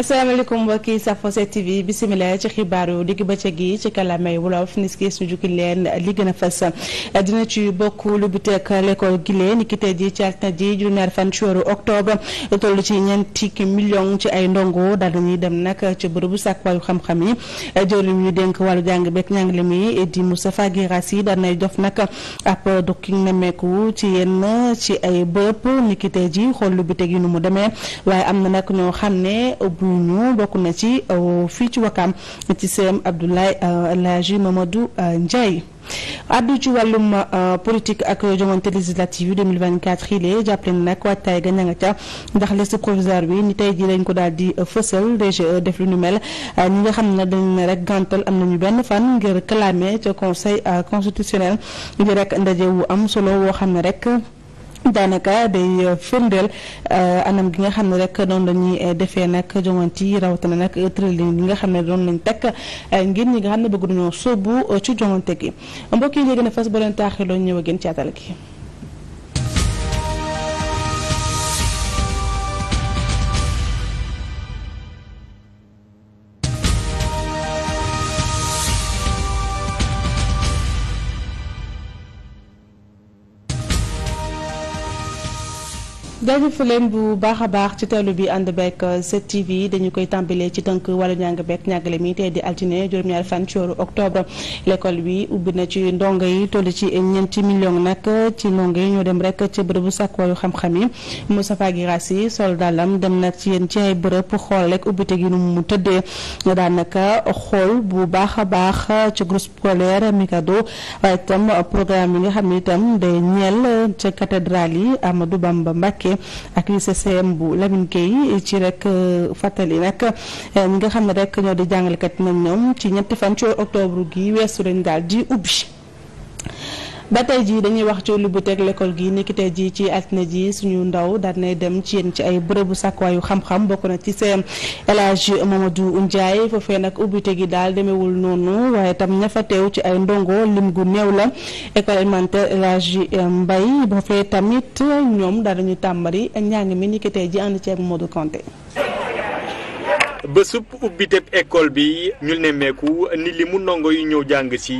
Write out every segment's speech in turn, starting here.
asalaamaaleykum mbokki Safo 7 TV bisimilah ci xibaaru digg bëccëg gi ci kalamay wolof niski su jukki leen li gën a fës dina ci bokk lu bi teg l'école Guilé ji ci altine ji juróom-ñaar fan ci weeru octobre toll ci ci ay ndongo daal dañuy dem nag ci bërëbu sàkkwaayu xam-xam yi jëwriñ ñu dénk wàllu jàng beeg njàngale mi di Moustapha Guirassi daan nay def nag ab dukki nemeeku ci yenn ci ay bërëb ni ji xool lu bi yi nu mu demee waaye am na nag ñoo xam ne ñooñu bokk na ci euh, fii ci Wakaam ci CM Abdoulaye euh, El Hadji Mamadou euh, Ndiaye addu ci wàllum politique ak jongante législative yu 2024 yilee jàppale na nag waajtaay ga ña nga ca ndax liste provisoire bi ni tey ji lañ ko daal di fësal DGE def lu ñu mel ñi nga xam ne dañ ne rek gàntal am ñu benn fan ngir clamer ca conseil constitutionnel ngir rek ndaje wu am solo woo xam ne rek daanaka day euh, firndeel euh, anam gi nga xam ne rek noonu la ñuy euh, defee nag jongante yi rawatina nag tëralin yi nga xam ne doon lañ takk ngir ñi nga xam ne bëgg nañoo sóobu ci jongante gi mbokk yi léegi a fas ba leen taaxiloo ñëw a gën ci atal gi. jaajëf leen bu baaxa baax ci teewlu bi ànd beeg 7TV euh, dañu koy tàmbalee ci tënk wàllu njàng beeg ñàggale mi tey di altine juróom ñaar fan ci weeru octobre bi ubbi na ci ndongo yi toll ci ñeenti million nag ci ndongo yi ñoo dem rek ci bërëbu sàkkuwaayu xam-xam yi Moustapha Guirassy sol dàllam dem na ci yéen ci ay bërëb xool rek ubbite gi nu mu tëddee daanaka xool bu baax a baax ci groupe scolaire Mikado waaye itam programme yi nga xam ne itam day ñeel ca cathédrale yi Amadou Bamba Mbacké ak lycée CM bu Lamine Gueye ci rek euh, fàttali nag euh, ñi nga xam ne rek ñoo di jàngalekat nañ ñoom ci ñetti fan ci octobre gi weesu lañ daal di ubbi. ba tey dañuy wax ci ubbiteg l'école gi niki tey jii ci altine ji suñu ndaw daal dem ci yéen ci ay bërëbu sàkkuwaayu xam-xam bokk na ci seen El Hadj Mamadou Ndiaye foofee nag ubbite gi daal demewul noonu waaye tam ña fa teew ci ay ndongo lim gu néew la école élémentaire El Hadj Mbaye tamit ñoom daal dañu tàmbali njàng mi niki ji ànd ci ak Modou Conté ba supp ubbi teb école bi ñu nemmeeku ni li mu ndongo yu ñëw jàng si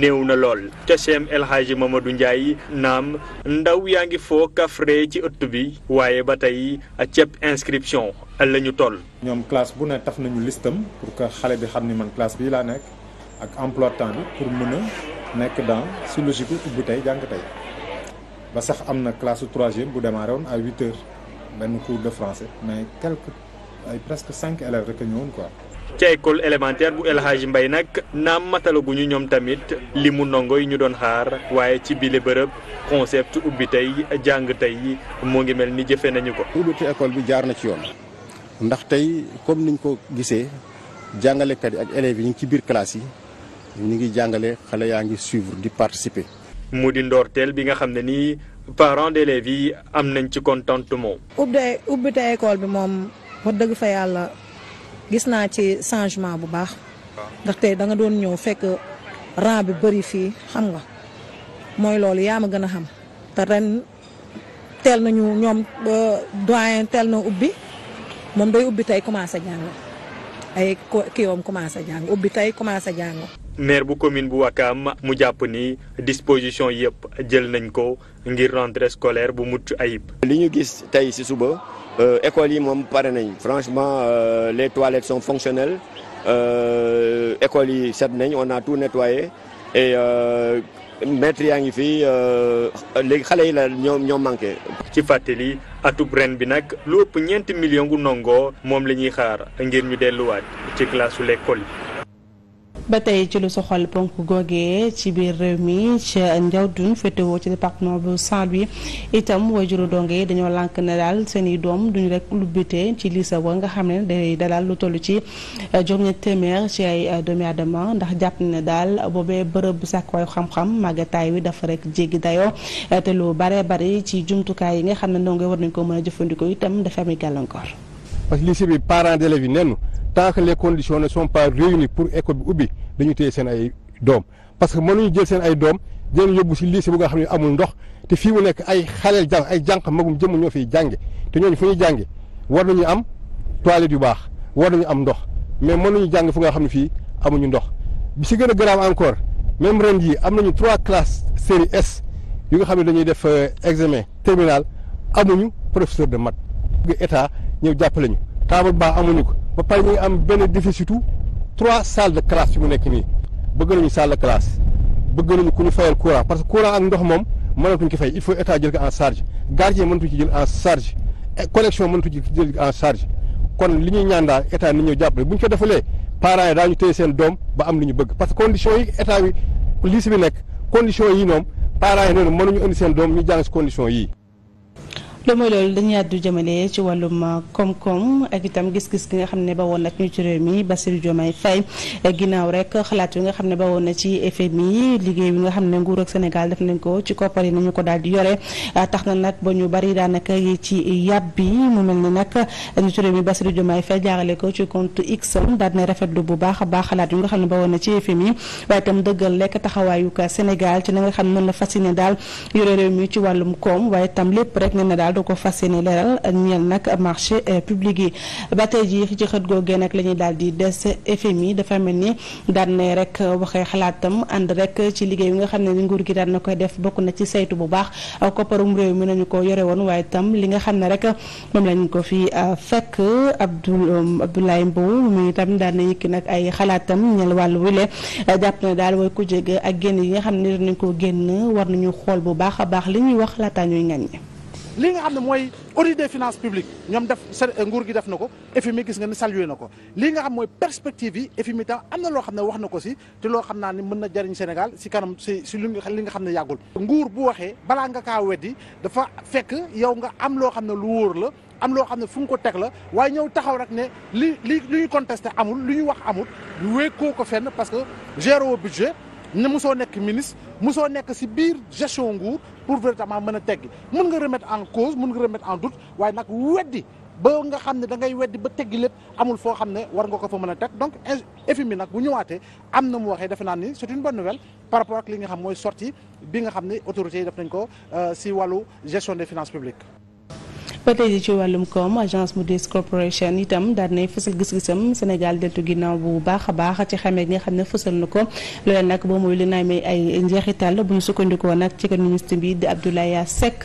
néew na lool ca CEM El Hadji du Ndiaye naam ndaw yaa ngi foo kafre ci ëtt bi waaye ba tey ceeb inscription la ñu toll. ñoom classe bu ne taf nañu listam pour que xale bi xam ni man classe bii laa nekk ak emploi temps bi pour mën a nekk dans su logique ubbi tey jàng tey ba sax am na classe su troisième bu démarré woon à huit heures benn cours de français mais quelque ay presque cinq élèves rek a ñëwoon quoi. ca école élémentaire bu El Hadji Mbaye nag naam matalaguñu ñoom tamit li mu ndongo yi ñu doon xaar waaye ci bile bërëb concept ubbi tey jàng tey moo ngi mel ni jëfe nañu ko. ubbite école bi jaar na ci yoon ndax tey comme niñ ko gisee jàngalekat yi ak élèves yi ñu ci biir classe yi ñu ngi jàngale xale yaa ngi suivre di participer. mu di ndoorteel bi nga xam ne nii parents d'élèves yi am nañ ci contentement. ubbite ubbite école bi moom. wax dëgg fa yàlla gis naa ci changement bu baax. ndaxte da nga doon ñëw fekk rang bi bëri fii xam nga mooy loolu yaa ma gën a xam te ren teel nañu ñoom doyen teel na ubbi moom day ubbi tey commencé jàng ay kii woom commencé jàng tey commencé jàng. maire bu commune bu ma mu jàpp ni disposition yëpp jël nañ ko ngir rentrée scolaire bu mucc ayib. li ñu gis tey ci suba. Euh, école yi moom pare nañ franchement euh, les toilettes sont fonctionnelles euh, écoles yi set nañ on a tout nettoyé et maître yaa ngi fii léegi xale yi la ñoo ñoo manqué. ci fàttali atub ren bi nag lu ëpp ñeenti million gu ndongo moom la ñuy xaar ngir ñu delluwaat ci classe su l'école yi ba tey ci lu soxal ponk googee ci biir réew mi ca Ndiawdoune féetewoo ci département bu Saint-Louis itam juru donge yi dañoo lank ne daal seen i doom duñu rek lubbite ci lycée wa nga xam ne day dalal lu toll ci eh, juróom-ñetti téeméer ci ay eh, doomi aadama ndax jàpp ne daal boobee bërëb bu sàkkwaayu xam-xam màggataay wi dafa rek jéggi dayoo eh, te lu bare bari ci jumtukaay yi nga xam ne ndongo war nañ ko mën a jëfandikoo itam dafa am gàllankoor. parce que lycée bi parents d'élèves yi nennu tant que les conditions ne sont pas réunies pour école bi ubbi dañu téye seen ay doom parce que mënuñu jël seen ay doom jël yóbbu si lycée bu nga xam ne amul ndox te fii mu nekk ay xaleel jàng ay jànq magum jëmm ñoo fiy jànge te ñooñu fu ñuy jànge war nañu am toilette yu baax war nañu am ndox mais mënuñu jàng fu nga xam ne fii amuñu ndox bi si gën a grave encore même ren yi am nañu trois classes série S yu nga xam ne dañuy def euh, examen terminal amuñu professeur de maths état ñëw jàppale ñu taabal ba amuñu ko ba pare ñu am benn déficitu trois salles de classe yu mu nekk nii bëgg nañu salle de classe bëgg nañu ku ñu fayal courant parce que courant ak ndox moom mënatuñ ko fay il faut état jël ko en charge gardien mënatuñ ci jël en charge connexion mënatuñ ci jël en charge kon li ñuy ñaan daal état ni ñu jàppale bu ñu ko defalee parents yi daañu téye seen doom ba am lu ñu bëgg parce que condition yi état bi lii si bi nekk condition yi ñoom parents yi noonu mënuñu indi doom ñu jàng si condition te mooy loolu dañuy àddu jëmale ci wàllum uh, koom-koom ak itam gis-gis gi nga xam ne ba woon nag ci réew mi Bassirou Diomaye Faye uh, ginnaaw rek xalaat yi nga xam ne ba woon na ci FMI liggéey bi nga xam ne nguur ak Sénégal def nañ ko ci koppar yi nañu ko daal di yore uh, tax na nag ba ñu bari daanaka yi ci yàb bi mu mel ni nag ñu ci réew mi Bassirou Diomaye Faye jaarale ko ci compte X daal di na bu baax a baax xalaat yi nga xam ne ba woon na ci FMI waaye tam dëggal lekk taxawaayu kaa Sénégal ci na nga xam ne na fas fas ne daal yore réew mi ci wàllum koom waaye itam lépp rek ne daal du ko fas yéene leeral ñeel nag marché euh, public yi ba tey jii ci xët googee nag la ñuy daal di des FMI dafa mel ni daan ne rek waxee xalaatam ànd rek ci liggéey bi nga xam ne nguur gi daan na koy def bokk na ci saytu bu baax kopparum réew mi nañu ko yore woon waaye tam li nga xam ne rek moom lañu ko fii euh, fekk Abdoul um, Abdoulaye Mbow mu itam daan na yëkki nag ay xalaatam ñeel wàllu wile jàpp na daal mooy ku jege ak génn yi nga xam ne dinañ ko génn war nañu xool bu baax a baax li ñuy wax laataa ñuy ŋaññi li nga xam ne mooy audit des finances publiques ñoom def euh, nguur gi def na ko FMI gis nga ni salué na ko lii nga xam mooy perspective yi FMI tam am na loo xam ne wax na ko si te loo xam naa ni mën na jariñ Sénégal si kanam si si li nga xam ne yàggul nguur bu waxee balaa nga kaa weddi dafa fekk yow nga am loo xam ne lu wóor la am loo xam ne fu nga ko teg la waaye ñëw taxaw rek ne li li lu ñu contesté amul lu ñu wax amul wékkoo ko fenn parce que gérer budget ne mosoo nekk ministre mosoo nekk si biir gestion nguur pour véritablement mën a teggi mun nga remettre en cause mun nga remettre en doute waaye nag weddi ba nga xam ne da ngay weddi ba teggi lépp amul foo xam ne war nga ko fa mën a teg donc FMI nag bu ñëwaatee am na mu waxee defe naa ni c'est une bonne nouvelle par rapport ak li nga xam mooy sortie bi nga xam ne autorités yi def nañ ko si euh, wàllu gestion des finances publiques ba tey ci wàllum koom agence Moody's Corporation itam daal nay fësal gis-gisam Sénégal deltu ginnaaw bu baax a baax ci xamee nga xam ne fësal na ko loolee nag boo mooy li naa ay njeexital bu ñu sukkandikoo nag ci ministre bi di Abdoulaye Seck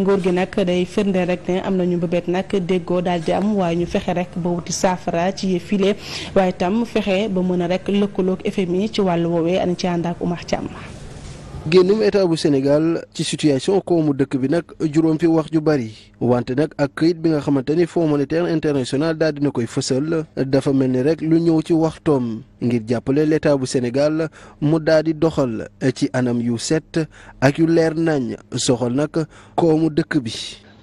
nguur gi nag day firnde rek ne am na nañu mbëbët nag déggoo daal di am waaye ñu fexe rek ba wuti saafara ci file waaye itam fexe ba mën a rek lëkkaloog FMI ci wàll woowee ana ci ànd ak Oumar Thiam génnum état bu Sénégal ci situation koomu dëkk bi nag juróom fi wax ju bari wante nag ak kayit bi nga xamante ni Fonds monétaire international daal dina koy fësal dafa mel ni rek lu ñëw ci waxtoom ngir jàppale l'état bu Sénégal mu daal di doxal ci anam yu set ak yu leer nañ soxal nag koomu dëkk bi.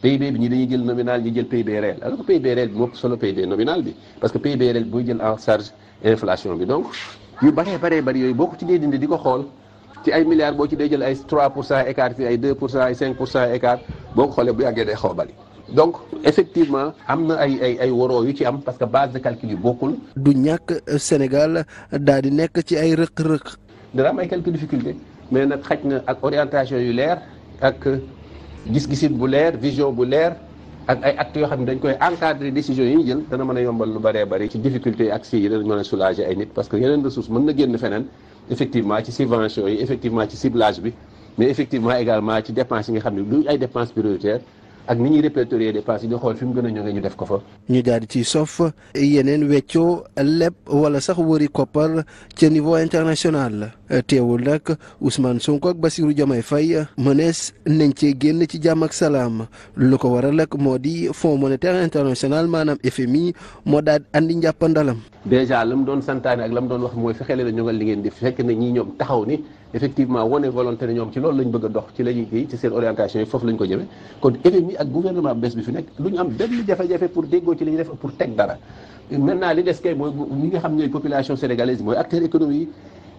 PIB bi ñi dañuy jël nominal ñi jël PIB a alors que PIB bi moo solo PIB nominal bi parce que PIB réel booy jël en charge inflation bi donc yu baree baree bari yooyu boo ci dee dindi di ko xool. ci ay milliards boo ci dee jël ay 3 pour cent écart fii ay 2 pour cent ay 5 pour cent écart boo xoolee bu yàggee day xaw bari donc effectivement am na ay ay ay waroo yu ci am parce que base de calcul yu bokkul. du ñàkk Sénégal dal di nekk ci ay rëq-rëq. dana am ay quelques difficultés mais nag xaj na ak orientation yu leer ak gis-gisit bu leer vision bu leer ak ay actes yoo xam ne dañ koy encadrer décision yi ñu jël dana mën a yombal lu bëree bëri. ci difficulté yi ak si yi danañ mën a soulager na génn feneen. effectivement ci subvention yi effectivement ci ciblage bi mais effectivement également ci dépenses yi nga xam ne lu ay dépenses prioritaires ak ni ñuy répertorier dépenses yi di xool fi mu gën a ñëwee ñu def ko fa. ñu daal ci ciy sof yeneen weccoo leb wala sax wëri koppar ca niveau international. Eh, teewul nag Ousmane Sonko ak Bassirou Diomaye Faye mënees nañ cee génn ci jàmm ak salaam lu ko waral ak moo di Fonds monétaire international maanaam FMI moo daal andi njàppandalam. déjà la mu doon santaane ak la mu doon wax mooy fexe leen a li ngeen di fekk ne ñii ñoom taxaw ni effectivement wane volonté ne ñoom ci loolu lañ bëgg a dox ci la ñuy kii ci seen orientation yi foofu lañ ko jëmee kon FMI ak gouvernement bees bi fi nekk du ñu am benn jafe-jafe pour déggoo ci li ñuy def pour nga xam ñooy population sénégalaise mooy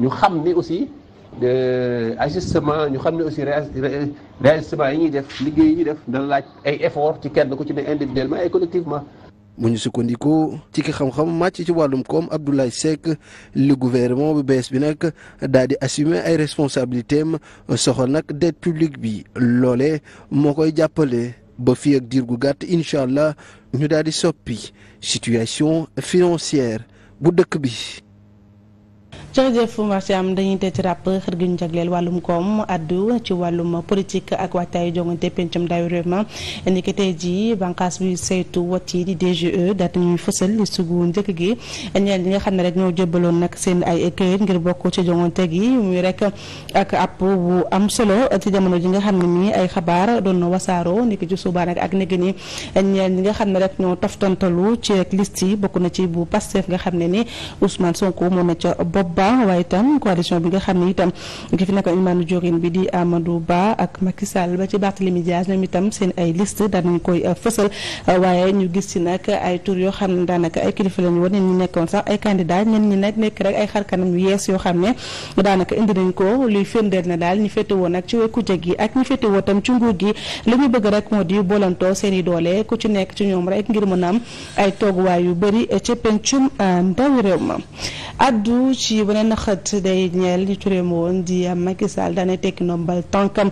ñu xam ni aussi euh, ajustement ñu xam ne aussi réajustement yi ñuy def liggéey yi def dana laaj ay effort ci kenn ku ci ne individuellement et collectivement mu ñu sukkandiku ci ki xam-xam màcc ci wàllum koom Abdoulaye Seck li gouvernement bu bees bi nag daal di assumer ay responsabilités am soxal nag dette publique bi loole moo koy jàppale ba fii ak diir gu gàtt incha allah ñu daal di soppi situation financière bu dëkk bi. jërëjëf Martiam dañuy tey ci ràpp xër gi ñu jagleel wàllum koom addu ci wàllum politique ak waajtaayu jongante pencum daayu réew ma ni ki tey jii bànqaas bi saytu wot yi di DGE daata ñuy fësal li sugu njëkk gi ñeen ñi nga xam ne rek ñoo jëbaloon nag seen ay këyit ngir bokk ci jongante gi muy rek ak app bu am solo ci jamono ji nga xam ne nii ay xabaar doon na wasaaro ni ki ci suba nag ak nigi ni ñeen nga xam ne rek ñoo toftantalu ci rek liste yi bokk na ci bu Pastef nga xam ne ni Ousmane Sonko moo na ca bopp Ba waaye itam coalition bi nga xam ne itam ki fi nekkoon imaanu jorin bi di Amadou Ba ak Macky ba ci Barthélémy Dias ñoom seen ay liste daanañ koy euh, fësal euh, waaye ñu gis ci nag ay tur yoo xam ne daanaka ay kilifa lañu woon ñenn ñi nekkoon sax ay candidat ñenn ñi nag nekk rek ay xarkanam yu yees yoo xam ne daanaka indi nañ ko luy firndeel na daal ñu féete woon ak ci gi ak woo tam ci nguur gi li ñu bëgg rek moo di boolantoo seen i doole ci nekk ci ñoom rek ngir mën a am ay yu bëri ca pencum euh, ndawi réew ma addu ci beneen xët day ñeel ñu turéem woon di Macky Sall daanay tekki ndombal tànkam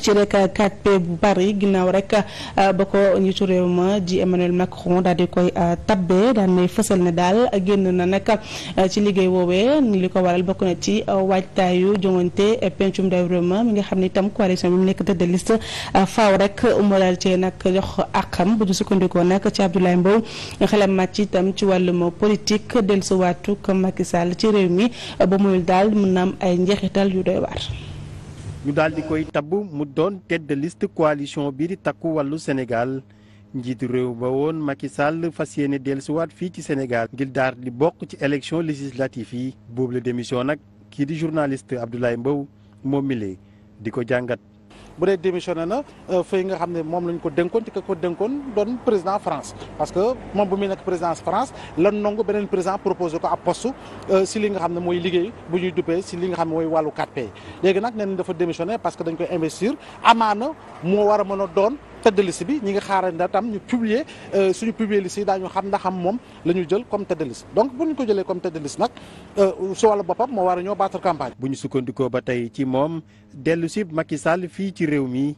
ci rek 4P euh, bu Paris ginnaaw rek euh, ba ko njiitu réew ma di Emmanuel Macron daal di koy euh, tabbe daan nay fësal ne daal génn na nag ci liggéey woowee li ko waral bokk na ci waajtaayu jongante pencum ndaw réew ma mi nga xam ni itam coalition bi mu nekk tëdd faw faaw rek mu daal cee nag jox àqam bu ñu sukkandikoo nag ci Abdoulaye Mbow xelam màcc itam ci wàllum politique dellusiwaatu Macky Sall ci réew mi ba muyul daal mën na am ay njeexital yu doy waar. ñu daal di koy tabb mu doon tête de liste coalition bii di takku wàllu Sénégal njiitu réew ba woon Macky Sall fas yéene dellusiwaat fii ci Sénégal ngir daar di bokk ci élection législative yi boobu la démission nag kii di journaliste Abdoulaye Mbow moom mi di ko jàngat. bu dee démissionné na euh, fëy nga xam ne moom lañ ko dénkoon ci ka ko dénkoon doon président France parce que moom bu muy nekk président France lan nangu beneen président proposé ko ab poste euh, si li nga xam ne mooy liggéey bu ñuy duppee si li nga xam ne mooy wàllu 4P léegi nag nee nañ dafa démissionné parce que dañ koy investir amaana moo war a mën a doon tête de bi ñi ngi xaaral na tam ñu publier euh, suñu publier liste yi daañu xam ndax am moom la ñu jël comme tête de liste donc bu ñu ko jëlee comme tête de liste nag euh, su wàllu boppam moo war a ñoo battre campagne. bu ñu sukkandikoo ba tey ci moom dellu si Macky Sall fii ci réew mi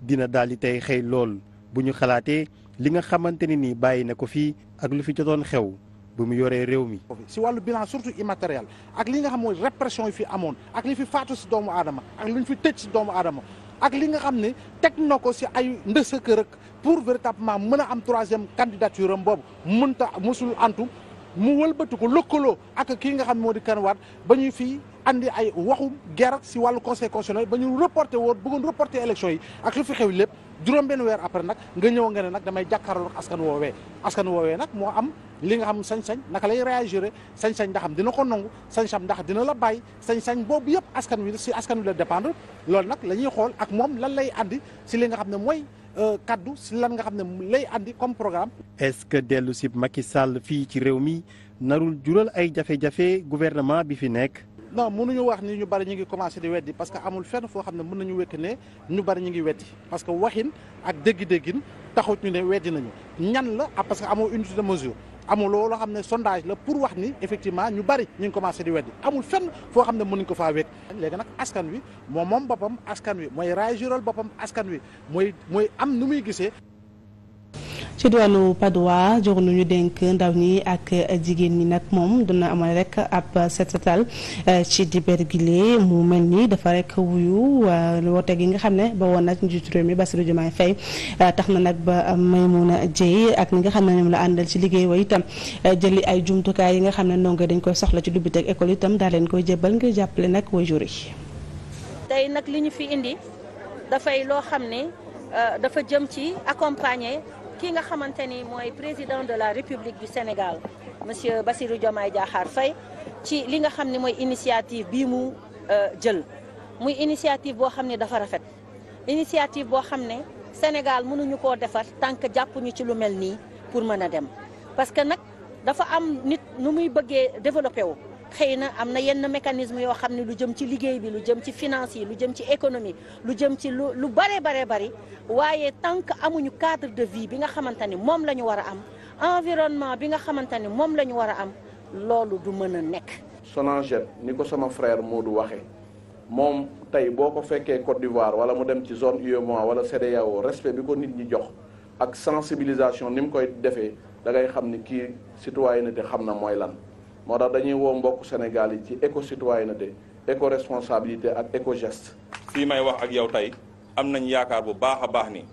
dina daal di tey xëy lool bu ñu xalaatee li nga xamante ni nii bàyyi na ko fii ak lu fi jotoon xew. bu mu yoree réew mi. si wàllu bilan surtout immatériel ak li nga xam mooy répression yi fi amoon ak li fi faatu si doomu aadama ak fi tëj si doomu aadama ak li nga xam ne teg na ko si ay ndësa kërëk pour véritablement mën a am troisième candidature am boobu mënta musul antu mu ko lëkkaloo ak kii nga xam ne moo di Karim Wade ba ñuy fii andi ay waxu guerre si wàllu conseil constitutionnel ba ñu reporté woon bëggoon reporté élection yi ak lu fi xew lépp juróom benn weer après nag nga ñëw nga nag damay jàkkaarloo ak askan woowee askan woowee nag moo am li nga xam sañ-sañ naka lay réagir sañ-sañ ndax dina ko nangu sañ-sañ ndax dina la bàyyi sañ-sañ boobu yëpp askan wi si askan wi la dépendre loolu nag la ñuy xool ak moom lan lay andi si li nga xam ne mooy euh, kaddu si lan nga xam ne lay andi comme programme. est-ce que dellu si Macky Sall fii ci réew mi narul jural ay jafe-jafe gouvernement bi fi nekk. non mënuñu wax ni ñu bari ñu ngi commencé di weddi parce que amul fenn foo xam ne mën nañu wekk ne ñu bari ñu ngi weddi parce que waxin ak dégg-déggin ñu ne weddi nañu ñan la ah, parce que amoo unité de mesure. amul loolu xam ne sondage la pour wax ni effectivement ñu bari ñu ngi commencé di weddi amul fenn foo xam ne mënuñ ko faa wéet léegi nag askan wi moom moom boppam askan wi mooy raay jural boppam askan wi mooy mooy am nu muy gisee ci diwaanu Padoa joxnu ñu dénk ndaw ñi ak jigéen ñi nag moom dina amal rek ab set setal eh, ci dibeer gile mu mel ni dafa rek wuyu eh, woote gi nga xam ne ba won nag njiitu réew mi Bassirou Diomaye Faye eh, tax na nag ba Maimouna Dieye ak ñi nga xam ne ñoom la àndal ci liggéey wa itam jëli ay jumtukaay yi nga xam ne ndongo dañ koy soxla ci dubbiteeg école itam daa leen koy jébbal ngir jàppale nag waajur yi tey nag li ñu fi indi dafay loo xam ne dafa jëm ci accompagner ki nga xamante ni mooy président de la République du Sénégal monsieur Bassirou Diomaye Diakhar Faye ci li nga xam ne mooy initiative bii mu euh, jël muy initiative boo xam ne dafa rafet initiative boo xam ne Sénégal mënuñu koo defar tànk jàppuñu ci lu mel nii pour mën a dem parce que nag dafa am nit nu muy bëggee développé wu xëy na am na yenn mécanisme yoo xam ne lu jëm ci liggéey bi lu jëm ci finance lu jëm ci économie lu jëm ci lu lu bare bare bari waaye tant que amuñu cadre de vie bi nga xamante ni moom la ñu war a am environnement bi nga xamante ni moom la ñu war a am loolu du mën a nekk. Sonaged ni ko sama frère du waxe moom tey boo ko fekkee Côte d'Ivoire wala mu dem ci zone mois wala CEDEAO respect bi ko nit ñi jox ak sensibilisation ni mu koy defee da xam ni kii citoyenneté xam na mooy lan. moo tax dañuy woo mbokk Sénégal yi ci éco citoyenneté éco responsabilité ak éco geste. fii may wax ak yow tey am nañ yaakaar bu baax a baax ni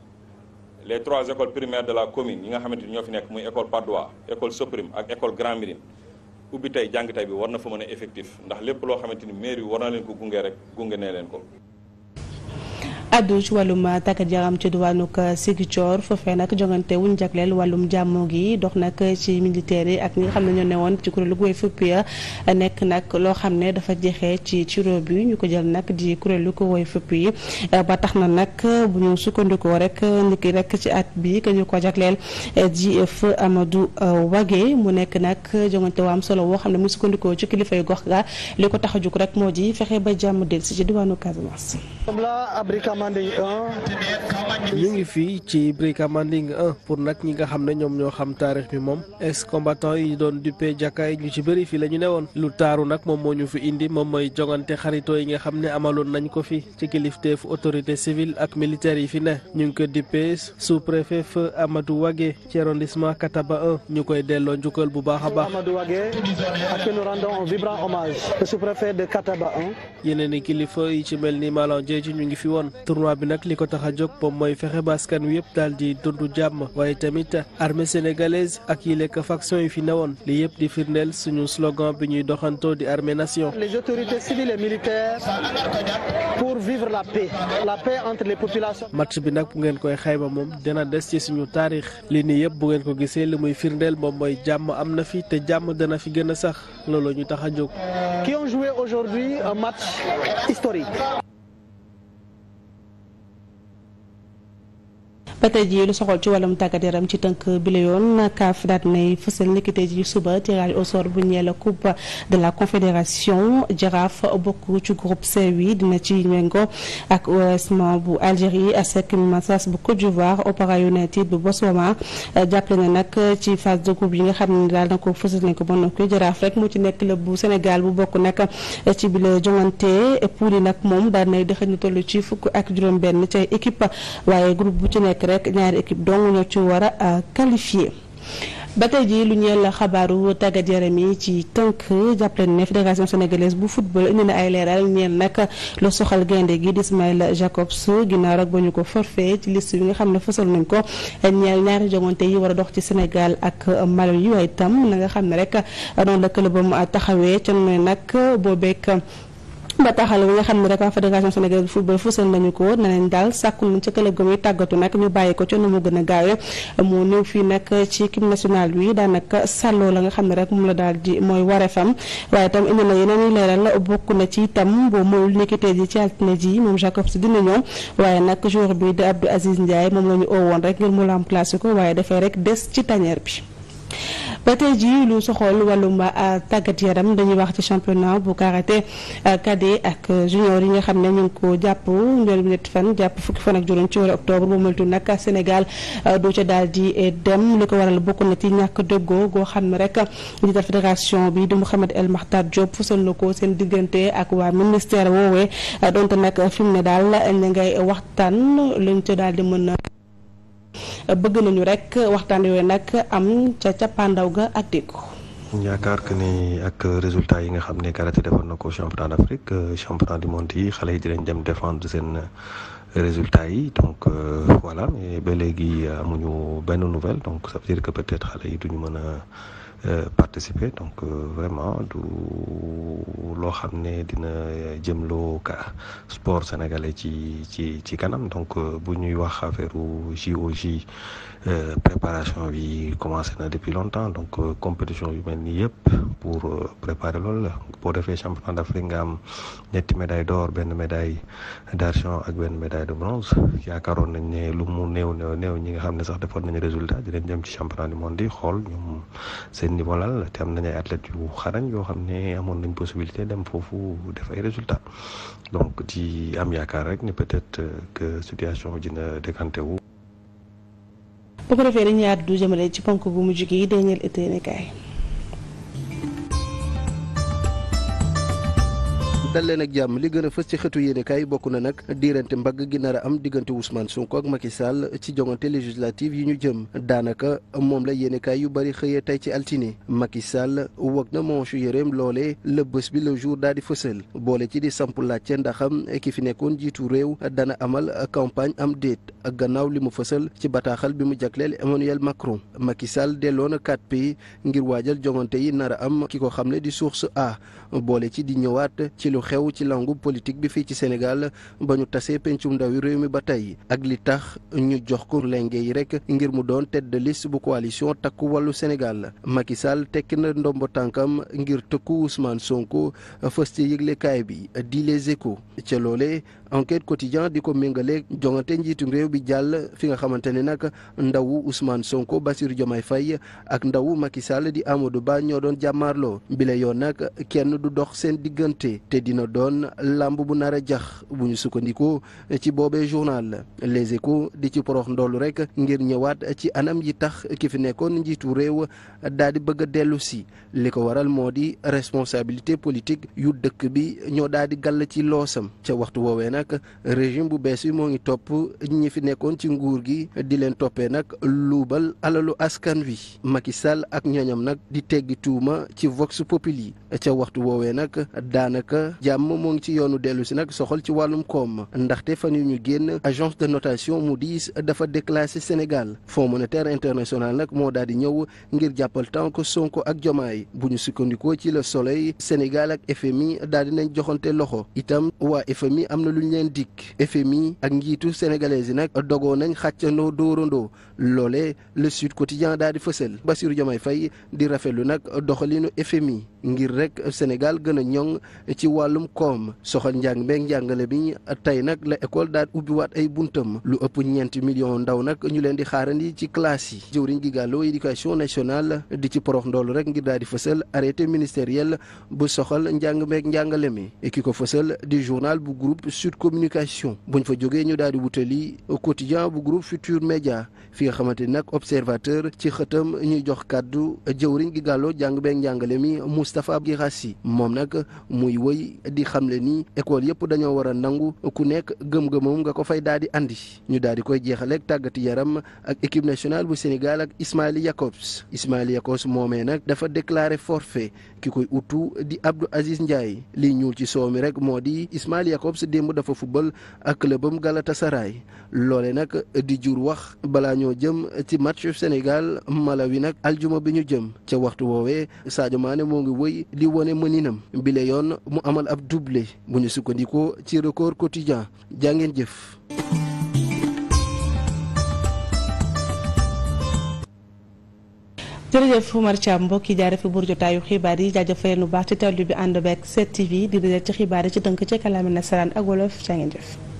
les trois écoles primaires de la commune yi nga xamante ni ñoo fi nekk muy école Padois école Soprim ak école Grand Mirine ubbi tey jàng tey bi war na fa mën a effectif ndax lépp loo xamante ni mairie war na leen ko gunge rek gunge ne leen ko. addu ci wàllum tàggat yaram ci diwaanug Ziguinchor foofee nag jongante wuñ jagleel wàllum jàmmoo gi dox nag ci militaire yi ak ñi nga xam ne ñoo newoon ci kuréelu way ya nekk nag loo xam ne dafa jeexee ci ci rob ñu ko jël nag di kuréelu ko way fuppi yi ba tax na nag bu ñu sukkandikoo rek niki rek ci at bi que ñu ko jagleel ji feu Amadou euh, Wage mu nekk nag jongante waam solo woo xam ne mu sukkandikoo ci kilifay gox ga li ko tax a jug rek moo ji fexe ba jàmm del si ci diwaanu Casamance Manding ñu ngi fii ci Brika Manding 1 pour nag ñi nga xam ne ñoom ñoo xam taarix bi moom ex combattant yi doon duppee jàkkaay ñu ci bëri fii la ñu woon lu taaru nag moom moo ñu fi indi moom mooy jongante xarito yi nga xam ne amaloon nañ ko fi ci kilifteef autorité civile ak militaire yi fi ne ñu ngi ko duppee sous préfet feu Amadou Wagué ci arrondissement Kataba 1 ñu koy delloo njukkal bu baax a baax. yeneen i kilifa yi ci mel ni Malang Diedhi ñu fi tournoi bi nag li ko tax a jóg moom mooy fexe ba askan wi yëpp daal di dund jàmm waaye tamit armée sénégalaise ak yi lekk faction yi fi newoon li yëpp di firndeel suñu slogan bi ñuy doxantoo di armée nation. les autorités civiles et militaires pour vivre la paix la paix entre les bi nag ngeen koy xayma moom dina des ci suñu taarix li ni yëpp bu ngeen ko gisee li muy firndeel moom mooy jàmm am na fi te jàmm dana fi gën a sax loolu ñu tax a jóg. qui ont joué aujourd'hui un match historique. ba tey ci wàllum tàggat yaram ci tënk bi la yoon kaaf daat nay fësal nekkite ji suba tirage au sort bu ñeel de la ci groupe C wi dina ci ñengo ak OSM bu Algérie ASEC bu Côte d'Ivoire Opera United bu Botswana jàppale na nag ci phase de groupe yi nga xam ne daal na ko fësal nañ ko ba noppi jaraaf rek moo ci nekk club bu Sénégal bu bokk nag ci bi la jongante pour yi nag moom daal nay dëxëñ lu toll ci fukk ak juróom-benn ca équipe waaye groupe bu ci nekk rek rek ñaari équipe dong ñoo ci war a euh, qualifié. ba tey jii lu ñeel xabaaru tàggat yaram yi ci tënk jàppale ne fédération sénégalaise bu football indi na ay leeral ñeel nag la soxal gaynde gi di Ismaïla Jacobs ginnaaw rek ba ñu ko forfait ci liste bi nga xam ne fësal nañ ko ñeel ñaari jongante yi war a dox ci Sénégal ak Malawi yi waaye itam na nga xam ne rek noonu la club am taxawee ca mu ne nag boobeek bataaxal bi nga xam ne rek waa fédération sénégalaise de football fësal nañu ko na daal sàkku nañ ca këlëb tàggatu nag ñu bàyyi ko ca nu mu gën a gaawee moo néew fii nag ci équipe nationale daanaka sàlloo la nga xam ne rek moom la daal di mooy wareefam waaye itam indi na yeneen i leeral bokk na ci itam boo moyul nekkitee ji ci altine ji moom Jacobs dina ñëw waaye nag joueur bi di Abdou Aziz Ndiaye moom la ñu woon rek ngir mu remplacer ko waaye dafay rek des ci tanière bi ba tey jii lu soxool wàllum euh, tàggat yaram dañuy wax ci championnat bu karaté cadet euh, ak euh, junior yi nga xam ne ñu ngi ko jàpp njëriñ ñetti fan jàpp fukki fan ak juróom ci weeru octobre bu moytu nag Sénégal doo ci daal di dem li ko waral bokk na ci ñàkk dëggoo goo xam ne rek njiital fédération bi di Mouhamed El Makhtar Diop fësal na ko seen diggante ak waa ministère woowee donte nag fi mu ne daal ñu ngay waxtaan luñ ca daal di mën na bëgg nañu rek waxtaan yooyu nag am ca cappaandaw ga ak dékku yaakaar que ni ak résultat yi nga xam ne karaté defoon na ko championnat d'Afrique championnat du monde yi xale yi dinañ dem défendre seen résultat yi donc wala euh, voilà mais ba léegi amuñu benn nouvelle donc ça veut dire que peut-être xale yi duñu mën a Euh, participer donc euh, vraiment du loo xam ne dina jëm loo ka sport sénégalais ci ci ci kanam donc euh, bu ñuy wax affaire JOJ préparation bi commencé na depuis longtemps donc compétition yu mel nii yëpp pour préparer loolu la boo defee championnat d'Afrique nga am ñetti médaille d'or benn médaille d'argent ak benn médaille de bronze yaakaaroon nañ ne lu mu néew néew néew ñi nga xam ne sax defoon nañu résultat dinañ dem ci championnat du xool ñoom seen niveau laal te am nañ ay athlètes yu xarañ yoo xam ne amoon nañ possibilité dem foofu def ay résultat donc ci am yaakaar rek ne peut-être euh, que situation bi dina décanté wu. bu ko defee dañuy àddu jëmale ci ponk bu mujj gi dañeel été ne dal leen ak jàmm li gën a fës ci xëtu yéenekaay bokk na nag diirante mbagg gi nar a am diggante Ousmane Sonko ak Macky Sall ci jongante législative yi ñu jëm daanaka moom la yéenekaay yu bari xëyee tey ci altine Macky Sall wag na monchu yëreem loolee la bés bi le jour daal di fësal boole ci di samp laajte ndaxam ki fi nekkoon jiitu réew dana amal campagne am déet ak gannaaw li mu fësal ci bataaxal bi mu jagleel Emmanuel Macron Macky Sall delloo na 4 pays ngir waajal jongante yi nar am ki ko xamle di source a boole ci di ñëwaat ci lu xew ci langu politique bi fii ci Sénégal ba ñu tasee pencum ndawi réew mi ba tey ak li tax ñu jox ko lenge yi rek ngir mu doon tête de liste bu coalition takku wàllu Sénégal Macky Sall tekki na ndombo tànkam ngir tëkku Ousmane Sonko fës ci yëglekaay bi di les ca loolee enquête quotidien di ko méngaleeg jongante njiitum réew bi jàll fi nga xamante ne nag ndawu Ousmane Sonko Bassirou Diomaye fay ak ndawu Macky Sall di Amadou Ba ñoo doon jàmmaarloo bile yoon nag kenn du dox seen diggante te dina doon làmb bu nar a jax bu ñu sukkandikoo ci boobee journal Les Échos di ci porox ndoolu rek ngir ñëwaat ci anam yi tax ki fi nekkoon njiitu réew daal di bëgg a dellu si li ko waral moo di responsabilité politique yu dëkk bi ñoo da di nag régime bu bees bi moo ngi topp ñi fi nekkoon ci nguur gi di leen toppee nag luubal alalu askan wi Macky Sall ak ñooñam nag di teggi ma ci vox populi ca waxtu woowee nag daanaka jàmm moo ngi ci yoonu dellu si nag soxal ci wàllum kom ndaxte fan yu ñu génn agence de notation mu diis dafa déclassé Sénégal Fonds monétaire international nag moo daal di ñëw ngir jàppal tànk Sonko ak Jomaay bu ñu sukkandikoo ci Le Soleil Sénégal ak FMI daal di nañ joxante loxo liñ leen dikk FMI ak njiitu sénégalais yi nag dogoo nañ xàccandoo dóorandoo loole le Sud Quotidien daal di fësal Bassirou Diomaye Faye di rafetlu nag doxaliinu FMI ngir rek Sénégal gën a ñoŋ ci wàllum koom soxal njàng meeg njàngale bi tey nag la école daal ubbiwaat ay buntam lu ëpp ñeenti million ndaw nag ñu leen di xaarandi ci classe yi jëwriñ gi gàlloo éducation nationale di ci porox ndool rek ngir daal di fësal arrêté ministériel bu soxal njàng meeg njàngale mi ki ko fësal di journal bu groupe Sud Communication buñ fa jógee ñu daal di wutali quotidien bu groupe Futur Média fi nga xamante ni nag observateur ci xëtam ñuy jox kàddu jëwriñ gi gàlloo jàng Moustapha Guirassy moom nag muy woy di xamle ni école yëpp dañoo war a nangu ku nekk gëm-gëmam nga ko fay daal di andi ñu daal di koy jeexaleeg tàggati yaram ak équipe nationale bu Sénégal ak Ismaïl Jakobs Ismaïl Jakobs moomee nag dafa déclaré forfait ki koy utu di Abdou Aziz Ndiaye liy ñuul ci soow mi rek moo di Ismaïl Jakobs démb dafa football ak clubam Galatasaray loole nag di jur wax balaa ñoo jëm ci match Sénégal Malawi nag aljuma bi ñu jëm ca waxtu wëy li wone mëninam bile yoon mu amal ab doublé bu ñu sukkandikoo ci record quotidien jàngeen jëf. jërëjëf Oumar Thiam mbokk yi jaare fi buur xibaar yi jaajëfal lu baax ci teewlu bi ànd beeg 7TV di dajal ci xibaar yi ci dënk ci kàllaama nasaraan ak wolof jàngeen jëf.